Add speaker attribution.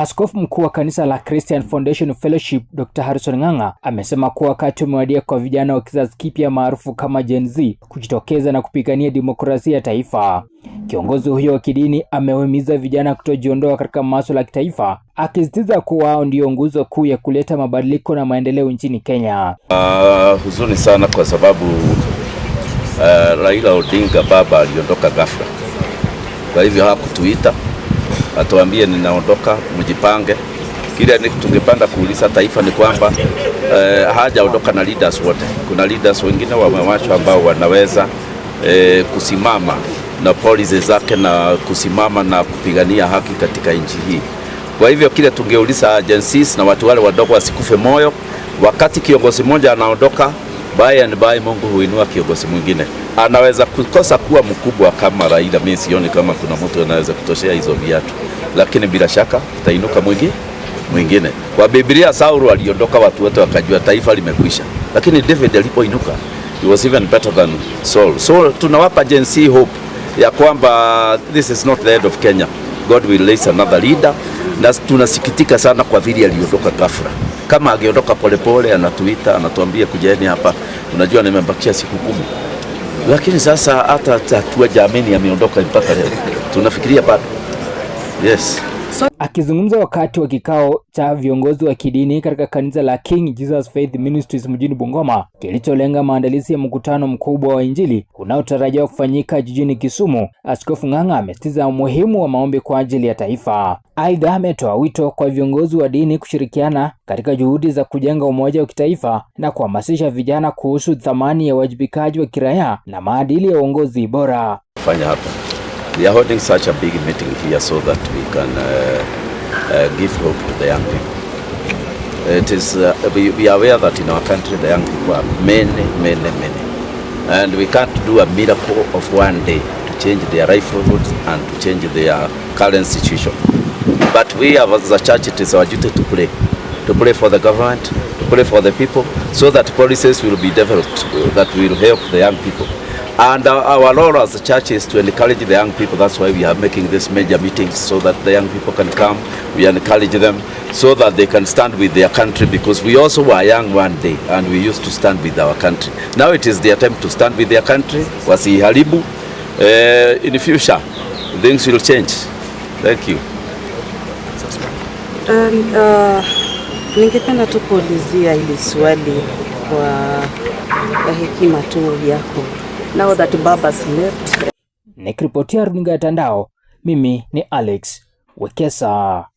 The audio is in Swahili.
Speaker 1: Askofu mkuu wa kanisa la Christian Foundation Fellowship Dr. Harrison Ng'ang'a amesema kuwa wakati umewadia kwa vijana wa kizazi kipya maarufu kama Gen Z kujitokeza na kupigania demokrasia ya taifa. Kiongozi huyo wa kidini amewahimiza vijana kutojiondoa katika masuala ya kitaifa, akisisitiza kuwa wao ndio nguzo kuu ya kuleta mabadiliko na maendeleo nchini Kenya.
Speaker 2: Uh, huzuni sana kwa sababu uh, Raila Odinga baba aliondoka ghafla, kwa hivyo hakutuita atuambie ninaondoka, mjipange. Kile tungepanda kuuliza taifa ni kwamba eh, hajaondoka na leaders wote. Kuna leaders wengine wamewachwa ambao wanaweza eh, kusimama na polisi zake na kusimama na kupigania haki katika nchi hii. Kwa hivyo kile tungeuliza agencies na watu wale wadogo wasikufe moyo, wakati kiongozi mmoja anaondoka, by and by Mungu huinua kiongozi mwingine anaweza kukosa kuwa mkubwa kama Raila. Mimi sioni kama kuna mtu anaweza kutoshea hizo viatu, lakini bila shaka utainuka mwingi mwingine. Kwa Biblia, Saulu aliondoka, watu wote wakajua taifa limekwisha, lakini David alipoinuka he was even better than Saul. So tunawapa Gen Z hope ya kwamba this is not the end of Kenya. God will raise another leader, na tunasikitika sana kwa vile aliondoka ghafla. Kama angeondoka polepole, anatuita anatuambia, kujeni hapa, unajua nimebakia siku kumi lakini sasa hata tatua Jameni ameondoka mpaka leo tunafikiria bado. Yes.
Speaker 1: So, akizungumza wakati wa kikao cha viongozi wa kidini katika kanisa la King Jesus Faith Ministries mjini Bungoma kilicholenga maandalizi ya mkutano mkubwa wa Injili unaotarajiwa kufanyika jijini Kisumu, Askofu Ng'ang'a amesitiza umuhimu wa maombi kwa ajili ya taifa. Aidha, ametoa wito kwa viongozi wa dini kushirikiana katika juhudi za kujenga umoja wa kitaifa na kuhamasisha vijana kuhusu thamani ya uwajibikaji wa kiraia na maadili ya uongozi bora.
Speaker 3: Fanya hapa We are holding such a big meeting here so that we can uh, uh, give hope to the young people. It is, uh, we, we are aware that in our country the young people are many, many, many. And we can't do a miracle of one day to change their livelihood and to change their current situation. But we as a church, it is our duty to pray. To pray for the government, to pray for the people, so that policies will be developed that will help the young people and uh, our role as a church is to encourage the young people that's why we are making these major meetings so that the young people can come we encourage them so that they can stand with their country because we also were young one day and we used to stand with our country now it is the attempt to stand with their country wasiharibu uh, in the future things will change thank you
Speaker 4: um, uh, ningependa tu kuulizia hili swali kwa hekima tu yako Now that Baba's left.
Speaker 1: Nikiripotia runinga ya Tandao, mimi ni Alex Wekesa.